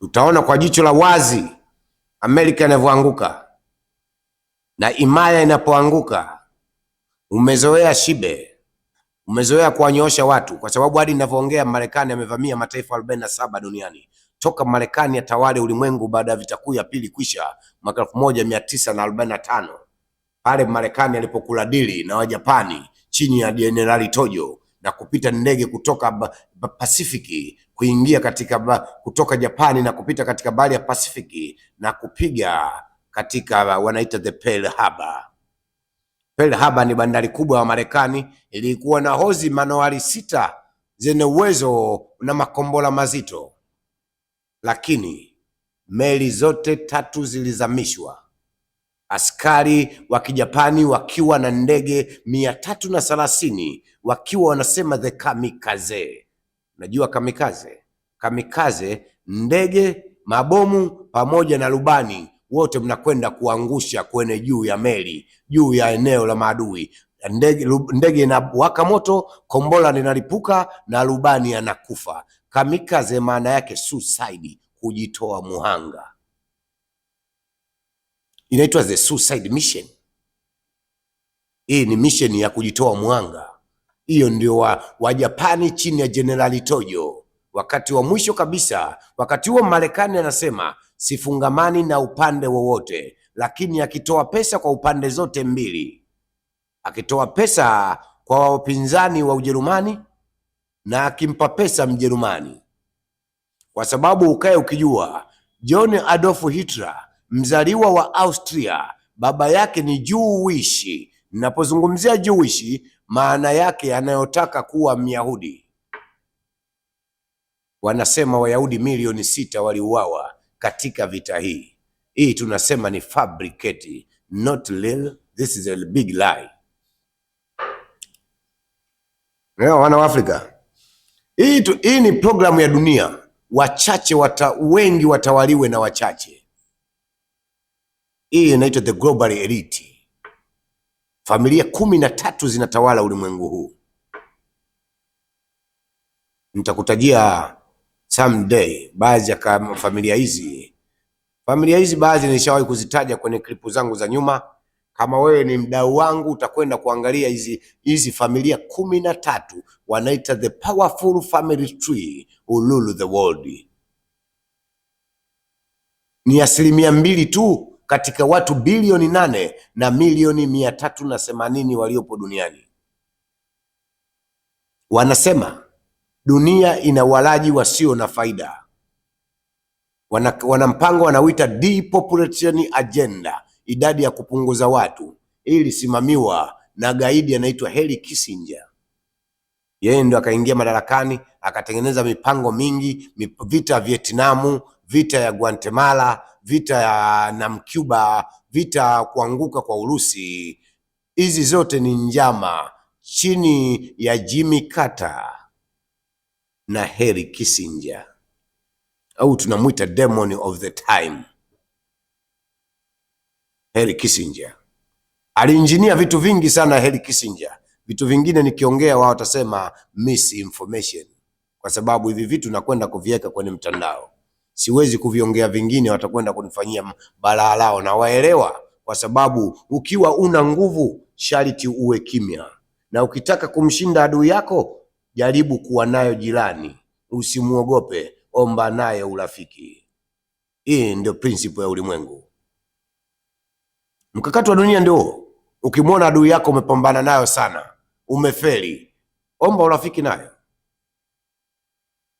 utaona kwa jicho la wazi Amerika inavyoanguka na imaya inapoanguka. Umezoea shibe, umezoea kuwanyoosha watu, kwa sababu hadi ninavyoongea Marekani amevamia mataifa arobaini na saba duniani toka Marekani atawale ulimwengu baada ya vita kuu ya pili kwisha mwaka elfu moja mia tisa na arobaini na tano pale Marekani alipokula dili na Wajapani chini ya Jenerali Tojo na kupita ndege kutoka Pasifiki kuingia katika ba, kutoka Japani na kupita katika bahari ya Pasifiki na kupiga katika wanaita the Pearl Harbor. Pearl Harbor ni bandari kubwa ya Marekani, ilikuwa na hozi manowari sita zenye uwezo na makombora mazito, lakini meli zote tatu zilizamishwa askari wa Kijapani wakiwa na ndege mia tatu na thelathini wakiwa wanasema the kamikaze. Najua kamikaze, kamikaze ndege, mabomu pamoja na rubani wote mnakwenda kuangusha kwenye juu ya meli, juu ya eneo la maadui. Ndege, ndege inawaka moto, kombora linalipuka na rubani anakufa. Kamikaze maana yake suicide, kujitoa muhanga inaitwa the suicide mission. Hii ni mission ya kujitoa mwanga. Hiyo ndio wa japani chini ya Jenerali Tojo. Wakati wa mwisho kabisa, wakati huo Marekani anasema sifungamani na upande wowote, lakini akitoa pesa kwa upande zote mbili, akitoa pesa kwa wapinzani wa Ujerumani na akimpa pesa Mjerumani, kwa sababu ukae ukijua John Adolf Hitler mzaliwa wa Austria, baba yake ni Jewish. Ninapozungumzia Jewish, maana yake anayotaka kuwa Myahudi. Wanasema Wayahudi milioni sita waliuawa katika vita hii. Hii tunasema ni fabricate, not real. This is a big lie. Leo wana wa Afrika, hii, hii ni programu ya dunia. Wachache wata, wengi watawaliwe na wachache. Hii inaitwa the global elite. Familia kumi na tatu zinatawala ulimwengu huu. Nitakutajia someday baadhi ya familia hizi. Familia hizi baadhi nishawahi kuzitaja kwenye klipu zangu za nyuma. Kama wewe ni mdau wangu, utakwenda kuangalia hizi hizi familia kumi na tatu, wanaita the powerful family tree who rule the world. Ni asilimia mbili tu katika watu bilioni nane na milioni mia tatu na themanini waliopo duniani. Wanasema dunia ina walaji wasio na faida, wana, wana mpango depopulation agenda, idadi ya kupunguza watu ilisimamiwa na gaidi anaitwa Henry Kissinger. Yeye ndo akaingia madarakani akatengeneza mipango mingi, vita Vietnamu, vita ya Guatemala, vita ya Namcuba, vita kuanguka kwa Urusi, hizi zote ni njama chini ya Jimmy Carter na Henry Kissinger, au tunamwita demon of the time. Henry Kissinger alinjinia vitu vingi sana. Henry Kissinger, vitu vingine nikiongea wao watasema misinformation, kwa sababu hivi vitu nakwenda kuviweka kwenye mtandao siwezi kuviongea vingine, watakwenda kunifanyia balaa lao, na waelewa, kwa sababu ukiwa una nguvu sharti uwe kimya, na ukitaka kumshinda adui yako jaribu kuwa nayo jirani, usimwogope, omba naye urafiki. Hii ndio prinsipo ya ulimwengu. Mkakati wa dunia ndio Ukimwona adui yako umepambana nayo sana, umefeli, omba urafiki nayo,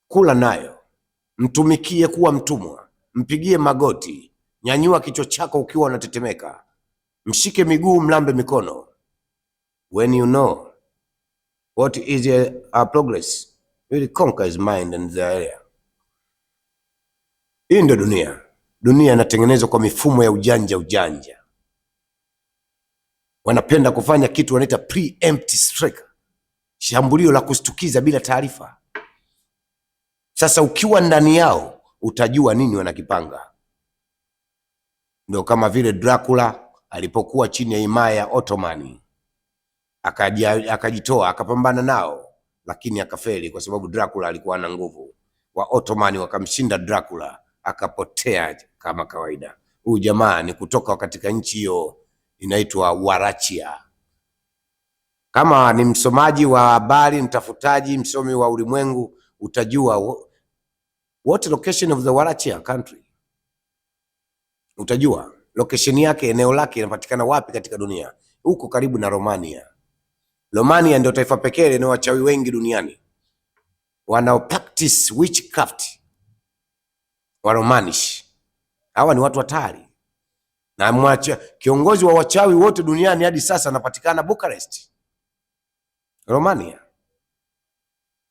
kula nayo mtumikie kuwa mtumwa, mpigie magoti, nyanyua kichwa chako ukiwa unatetemeka, mshike miguu, mlambe mikono. When you know what is a, uh, progress you will conquer his mind and the area. Hii ndio dunia. Dunia inatengenezwa kwa mifumo ya ujanja ujanja, wanapenda kufanya kitu wanaita preemptive strike, shambulio la kustukiza bila taarifa. Sasa ukiwa ndani yao utajua nini wanakipanga. Ndio kama vile Dracula alipokuwa chini ya himaya ya Ottoman akajitoa akapambana nao, lakini akafeli kwa sababu Dracula alikuwa na nguvu. Wa Ottoman wakamshinda Dracula, akapotea kama kawaida. Huyu jamaa ni kutoka katika nchi hiyo inaitwa Warachia. Kama ni msomaji wa habari, mtafutaji, msomi wa ulimwengu, utajua what location of the Wallachia country? Utajua location yake, eneo lake inapatikana wapi katika dunia, huko karibu na Romania. Romania ndio taifa pekee lenye wachawi wengi duniani wanao practice witchcraft, wa Romanish. Hawa ni watu hatari, na mwacha kiongozi wa wachawi wote duniani hadi sasa anapatikana Bucharest, Romania.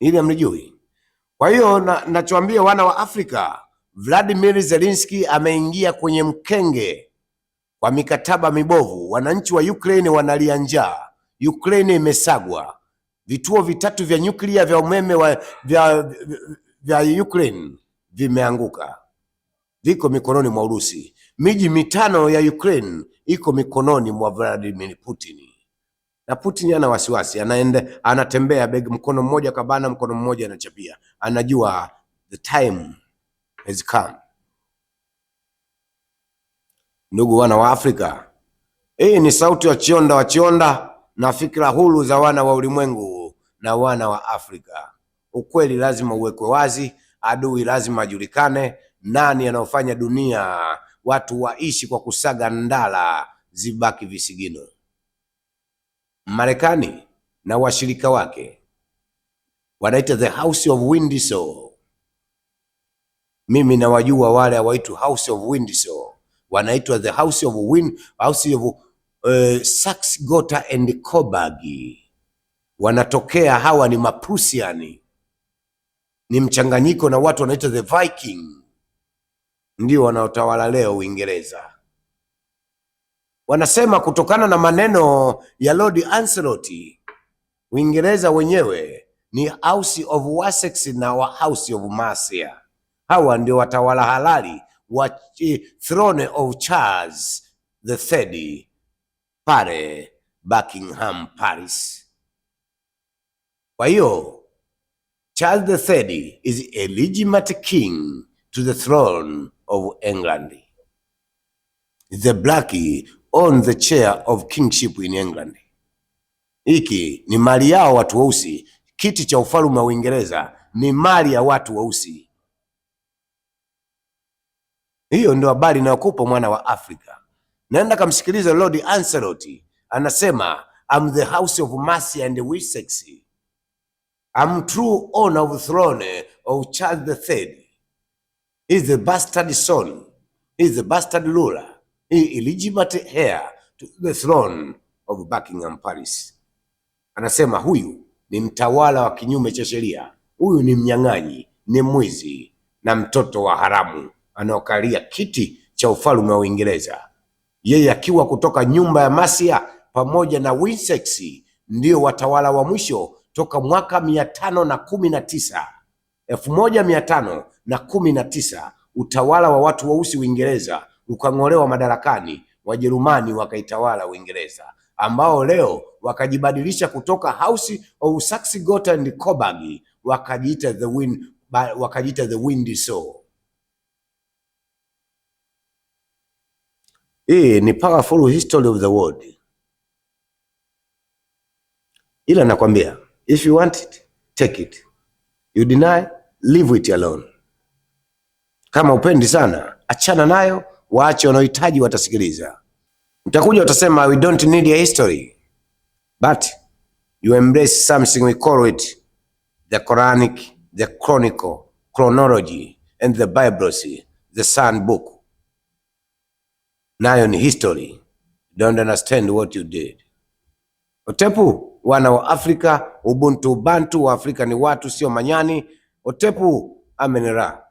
Ili amlijui kwa hiyo nachoambia na wana wa Afrika, Vladimir Zelensky ameingia kwenye mkenge wa mikataba mibovu. Wananchi wa Ukraine wanalia njaa, Ukraine imesagwa. Vituo vitatu vya nyuklia vya umeme wa, vya, vya Ukraine vimeanguka, viko mikononi mwa Urusi. Miji mitano ya Ukraine iko mikononi mwa Vladimir Putin na Putin ana wasiwasi, anaende anatembea beg mkono mmoja kabana, mkono mmoja anachapia, anajua the time has come. Ndugu wana wa Afrika, hii ni sauti ya Chionda wa Chionda na fikra huru za wana wa ulimwengu na wana wa Afrika. Ukweli lazima uwekwe wazi, adui lazima ajulikane, nani anaofanya dunia watu waishi kwa kusaga ndala, zibaki visigino. Marekani na washirika wake wanaita the house of Windsor. Mimi nawajua wale hawaitwi house of Windsor, wanaitwa the house of Win, house of uh, eh, Saxe Gotha and Coburg. Wanatokea hawa ni Maprusiani, ni mchanganyiko na watu wanaitwa the Viking, ndio wanaotawala leo Uingereza. Wanasema kutokana na maneno ya Lord Ancelotti, Uingereza wenyewe ni House of Wessex na wa House of Mercia. Hawa ndio watawala halali wa throne of Charles the Third pale Buckingham Paris. Kwa hiyo Charles the Third is a legitimate king to the throne of England. The black on the chair of kingship in England. Hiki ni mali yao watu weusi. Kiti cha ufalme wa Uingereza ni mali ya watu weusi. Hiyo ndio habari inayokupa mwana wa Afrika. Naenda kamsikiliza Lord Ancelot anasema, I'm the house of mercy and Wessex. I'm true owner of throne of Charles the Third. He's the bastard son. He's the bastard ruler hii illegitimate heir to the throne of Buckingham Palace. Anasema huyu ni mtawala wa kinyume cha sheria, huyu ni mnyang'anyi, ni mwizi na mtoto wa haramu anaokalia kiti cha ufalme wa Uingereza, yeye akiwa kutoka nyumba ya Masia pamoja na Wessex ndio watawala wa mwisho toka mwaka mia tano na kumi na tisa elfu moja mia tano na kumi na tisa utawala wa watu weusi Uingereza ukang'olewa madarakani, Wajerumani wakaitawala Uingereza, ambao leo wakajibadilisha kutoka House of Saxe Gotha and Coburg wakajiita the wind, wakajiita the windy soul. Hii ni powerful history of the world, ila nakwambia, if you want it take it, you deny leave it alone. Kama upendi sana, achana nayo waache wanaohitaji watasikiliza. Mtakuja utasema we don't need a history but you embrace something we call it the Quranic, the chronicle, chronology and the Bible, the Sun book. Nayo ni history. Don't understand what you did. Otepu, wana wa Afrika, ubuntu, Bantu, wa Afrika ni watu sio manyani. Otepu, amenera